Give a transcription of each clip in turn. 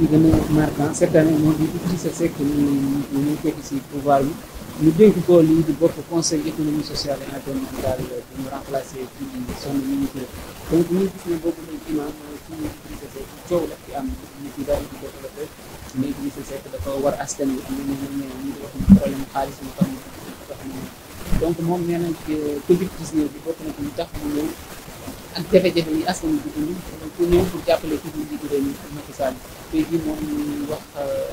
qui gën a marquant cette année Nous conseil économique social et Nous donc de ak jafe-jafe yi askan bi dund ku ñëw pour jàppale ko ñu jiitu réew mi pour Macky Sall tey jii moom ñuy wax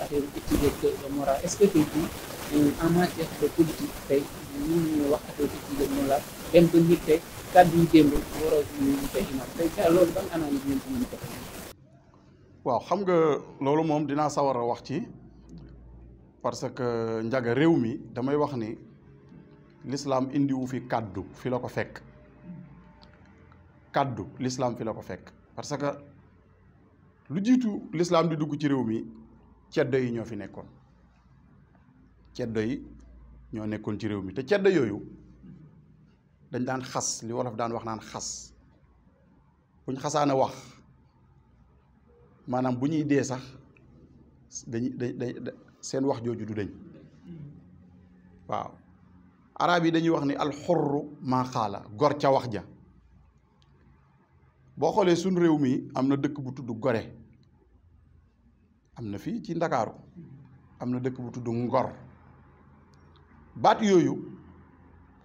affaire éthique et morale est-ce que tey jii en matière de politique tey ñu ñuy wax affaire éthique et morale dem ba nit tey kàddu yu démb waroo ñu tey imaam tey ca waaw xam nga loolu moom dinaa sawar a wax ci parce que njaga réew mi damay wax ni l'islam indiwu fi kàddu fi la ko fekk kaddu l'islam fi lako fek parce que lu jitu l'islam di dugg ci rew mi finekon. yi ñoo fi nekkoon ceddo yi ño nekkon ci rew mi te ceddo yoyu dañ dan khas li wolof dan wax nan khas buñ khasana wax manam buñuy dé sax dañ sen wax joju du dañ waaw arab yi dañuy wax ni ma khala gor ca wax ja boo xoolee suñ réew mi am na dëkk bu tudd Gore am na fii ci Ndakaaru am na dëkk bu tudd Ngor baat yooyu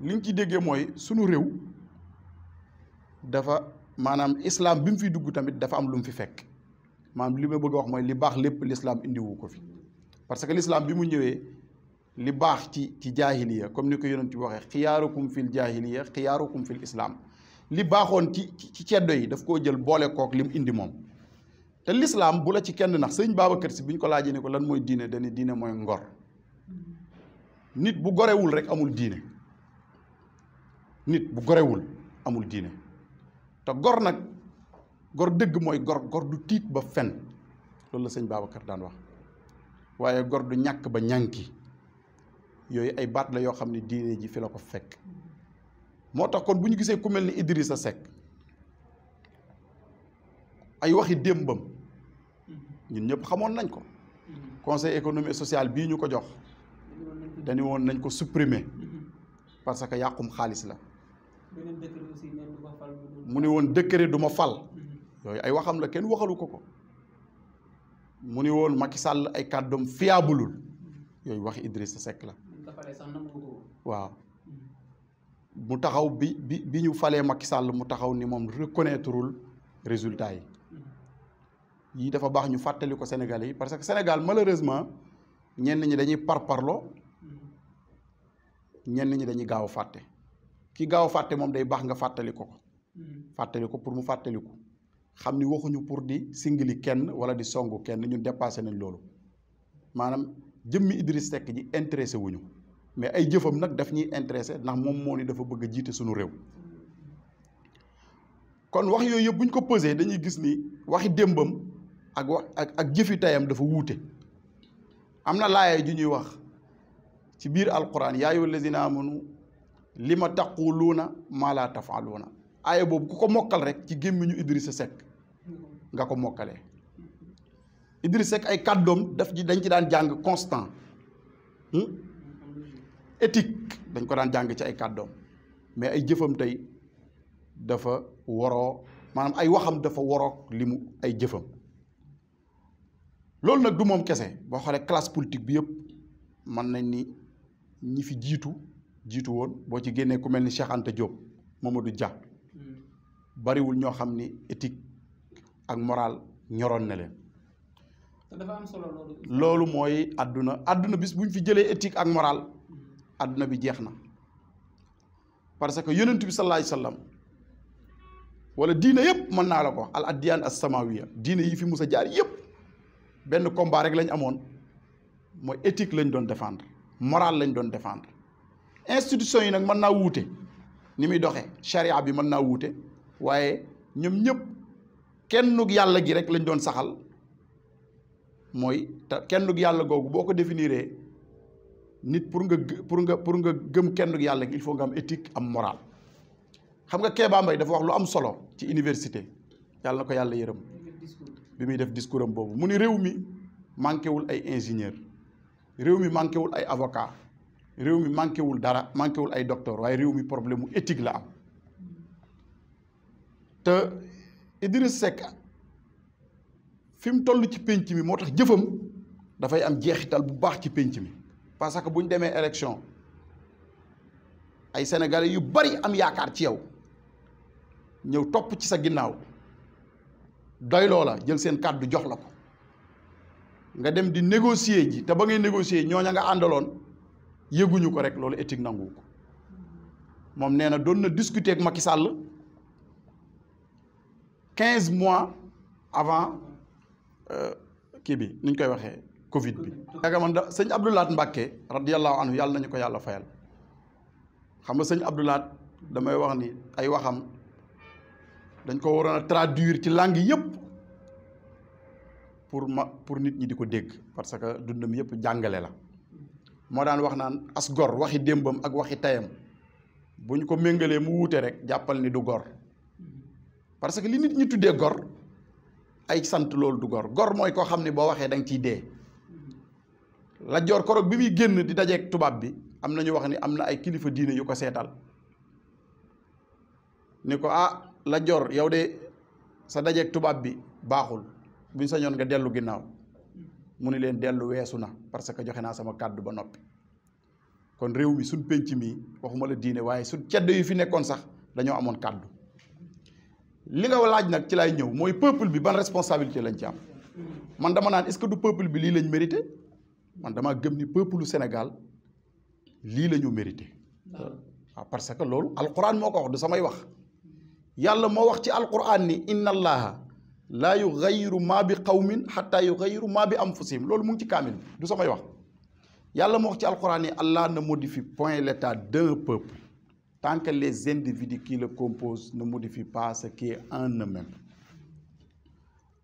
liñ ci déggee mooy sunu réew dafa maanaam islam bi mu fi dugg tamit dafa am lu mu fi fekk maanaam li ma bëgg a wax mooy li baax lépp l'islam indiwu ko fi parce que l'islam bi mu ñëwee li baax ci ci jaahiliya comme ni ko yonent bi waxee xiyaarukum fil jaahiliya xiyaarukum fil islam li baaxoon ci ci ceddo yi daf koo jël boole kook lim indi moom te lislaam bu la ci kenn nax sëñ Babacar Si bi ñu ko laajee ne ko lan mooy diine dañu diine mooy ngor nit bu gorewul rek amul diine nit bu gorewul amul diine te gor nag gor dëgg mooy gor gor du tiit ba fen loolu la sëñ Babacar daan wax waaye gor du ñàkk ba ñànki yooyu ay baat la yoo xam ne diine ji fi la ko fekk moo tax kon buñu gisé ku melni Idrissa sek ay waxi dembam ñun ñep xamoon nañ ko conseil économique social bi ñu ko jox dañu won nañ ko supprimer parce que yaqum khalis la mu ne décret duma fal yoy ay waxam la kenn waxalu ko ko mu ne Macky Sall ay kàddoom fiabulul yoy wax Idrissa sek la mu taxaw bi bi bi ñu falee Macky sàll mu taxaw ni moom reconnaîtreul résultat yi yii dafa baax ñu fàttali ko Sénégalais yi parce que Sénégal malheureusement ñenn ñi dañuy parparloo ñenn ñi dañuy gaaw a fàtte ki gaaw fàtte moom day baax nga fàttali ko ko fàttali ko pour mu fàttaliku xam ni waxuñu pour di singili kenn wala di songu kenn ñu dépassé nañ loolu maanaam jëmmi Idriss Seck ji intéressé wuñu mais ay jëfam nag daf ñuy intéressé ndax moom moom ni dafa bëgg a jiite suñu réew kon wax yooyu yëpp bu ñu ko pose dañuy gis ni waxi démbam ak wax ak ak jëfi tayam dafa wuute am na laaya ju ñuy wax ci biir alquran yaa ayyuha allazina amanu li ma taquluuna maa laa tafaluuna aaya boobu ku ko mokkal rek ci gémmiñu Idrissa Seck nga ko mokkale Idrissa Seck ay kàddoom daf ci dañ ci daan jàng constant hmm? éthique dañ ko daan jàng ci ay kàddoom mais ay jëfam tey dafa waroo maanaam ay waxam dafa waroog limu ay jëfam loolu nag du moom kese boo xoolee classe politique bi yëpp mën nañ ni ñi fi jiitu jiitu woon boo ci génnee ku mel ni Cheikh Anta Diop Mamadou Dia hmm. bariwul ñoo xam ni éthique ak moral ñoroon na leen. dafa loolu. mooy àdduna àdduna bis bu ñu fi jëlee éthique ak moral àdduna bi jeex na parce que yonent bi sallallahu walla wasallam diine yëpp mën naa la ko al addiyaan as samawiya diine yi fi mus a jaar yëpp benn combat rek lañ amoon mooy éthique lañ doon défendre morale lañ doon défendre institution yi nag man naa wuute ni muy doxe charia bi mën naa wuute waaye ñoom ñëpp kenn nug yàlla gi rek lañ doon saxal mooy te kennug yàlla googu boo ko definiire nit pour nga pour nga pour nga gëm kenn yalla il faut nga am éthique am moral xam nga Kéba mbay dafa wax lu am solo ci université yalla nako yalla yeureum bi muy def discours am boobu mu ni réew wul ay ingénieur rewmi mi wul ay avocat rewmi mi wul dara manqué wul ay docteur waaye rewmi problème éthique la am te Idriss Seck fim tollu ci pénc mi motax jëfëm da fay am jeexital bu baax ci pénc mi parce que bu ñu demee élection ay sénégalais yu bari am yaakaar ci yow ñëw topp ci sa ginnaaw doy loola jël seen kàddu jox la ko nga dem di négocier ji te ba ngay négocier ñooña nga àndaloon yëguñu ko rek loolu éthique nangu ko moom nee na doon na discuter ak Macky sàll quinze mois avant euh, kii bi ni ñu koy waxee. Covid bi. yaakaar man seigne sëñ Abdou Lahad Mbacké radiyallahu anhu yalla nañ ko yalla fayal xam nga seigne Abdou damay wax ni ay waxam dañ ko warona traduire ci langue yëpp pour ma pour nit ñi diko ko dégg parce que dundum yëpp jàngale la mo daan wax naan as gor waxi dembam ak waxi tayam buñ ko méngalee mu wuté rek jappal ni du gor parce que li nit ñi tuddé gor ay sante loolu du gor gor moy ko xamni bo waxé dang ci dé Lat korok koroog bi muy génn di dajeeg tubaab bi am na ñu wax ni am na ay kilifa diine yu ko seetal ni ah Lat Joor yow de sa dajeeg tubaab bi baaxul buñ sañoon nga dellu ginnaaw mu ni leen dellu weesu parce que joxe naa sama kàddu ba noppi kon réew mi suñ penc mi waxuma la diine amon suñ cedd yu fi nekkoon sax dañoo amoon kàddu li nga laaj nag ci lay peuple bi ban responsabilité lañ ci am man dama est-ce que du peuple bi lii lañ man dama gëm ni lu Sénégal lii la ñu mérité. waaw ah, parce que loolu alquran moo ko wax du samay wax yàlla moo wax ci alquran ni inna allaha laa yughayyiru maa bi qawmin xatta yughayyiru maa bi am anfusihim loolu mu ci kaamil du samay wax yàlla moo wax ci alquran ni allah ne modifie point le d'un peuple tant que les individus qui la composent ne modifient pas ce qui est en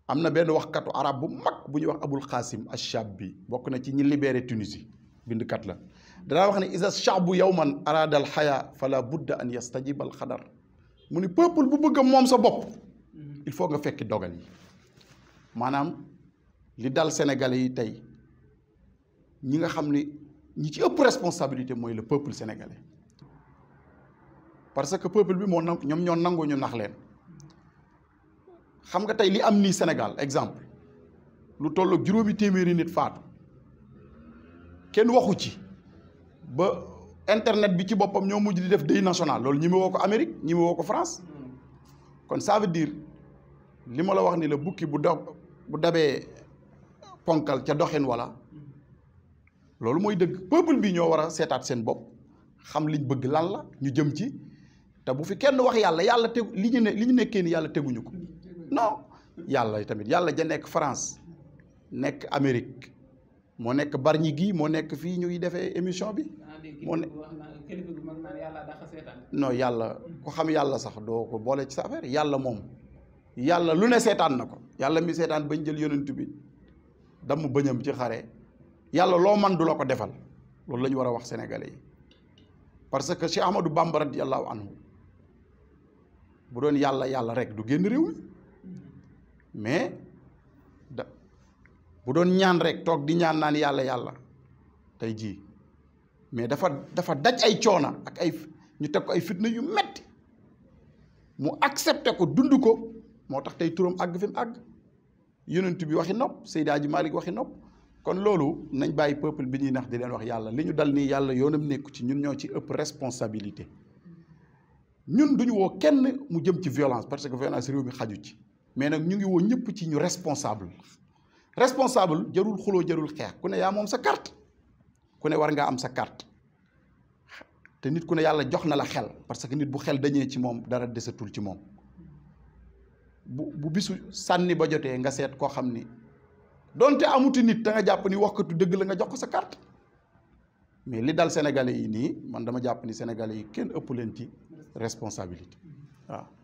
amna ben wax waxkatu arab bu mak bu wax abul ash ashabi bok na ci ñi libéré tunisie kat la danaa wax ne isa shabu yawman arada al haya fala budda an yastajiba al qadar mu ni peuple bu bëgg mom sa bop il faut nga fekk dogal yi manam li dal sénégalais yi tay ñi nga xamni ñi ci ëpp responsabilité moy le peuple sénégalais parce que peuple bi mo ñom ñoo nangu ñu nax leen xam nga tay li am ni senegal exemple lu tollu juroomi téméré nit faatu kenn waxu ci ba internet bi ci bopam ñoo mujj di def day national loolu ñimi woko amerique ko woko France kon ça veut dire lima la wax ni le bukki bu do bu dabé ponkal ca doxine wala loolu moy deug peuple bi ñoo wara sétat sen bop xam liñ bëgg lan la ñu jëm ci te bu fi kenn wax yalla yalla li ne ni yalla teguñu ko non yalla tamit yalla ja nek France nek amerique mo nek barni gi mo nek fi ñuy defee émission bi. moo ne non yalla ko xam yalla sax do ko bolé ci affaire yalla mom yalla lu né seetaan nako yalla mi seetaan bañ jël yonentou bi dam bañam ci xaré yalla lo man du lako ko defal loolu la ñu wax sénégalais yi parce que Cheikh Ahmadou Bamba radiyallahu anhu bu doon yalla yalla rek du génn réew mi mais da bu doon ñaan rek toog di ñaan naan yàlla yàlla tey jii mais dafa dafa daj ay coona ak ay ñu teg ko ay fitna yu metti mu accepté ko dund ko moo tax tey turam àgg fi mu àgg yonent bi waxi nopp Seydi Hadji Malick waxi nopp kon loolu nañ bàyyi peuple bi ñuy nax di leen wax yàlla li ñu dal nii yàlla yoonam nekku ci ñun ñoo ci ëpp responsabilité ñun duñu woo kenn mu jëm ci violence parce que violence réew mi xaju ci mais nag ñu ngi woo ñëpp ci ñu responsable responsable jarul xuloo jarul xeex ku ne yaa moom sa carte ku ne war ngaa am sa carte te nit ku ne yàlla jox na la xel parce que nit bu xel dañee ci moom dara desatul ci moom bu bu bisu sànni ba jotee nga seet koo xam ni donte amuti nit da nga jàpp ni waxkatu dëgg la nga jox ko sa carte mais li dal sénégalais yi nii man dama jàpp ni sénégalais yi kenn ëpp leen ci responsabilité waaw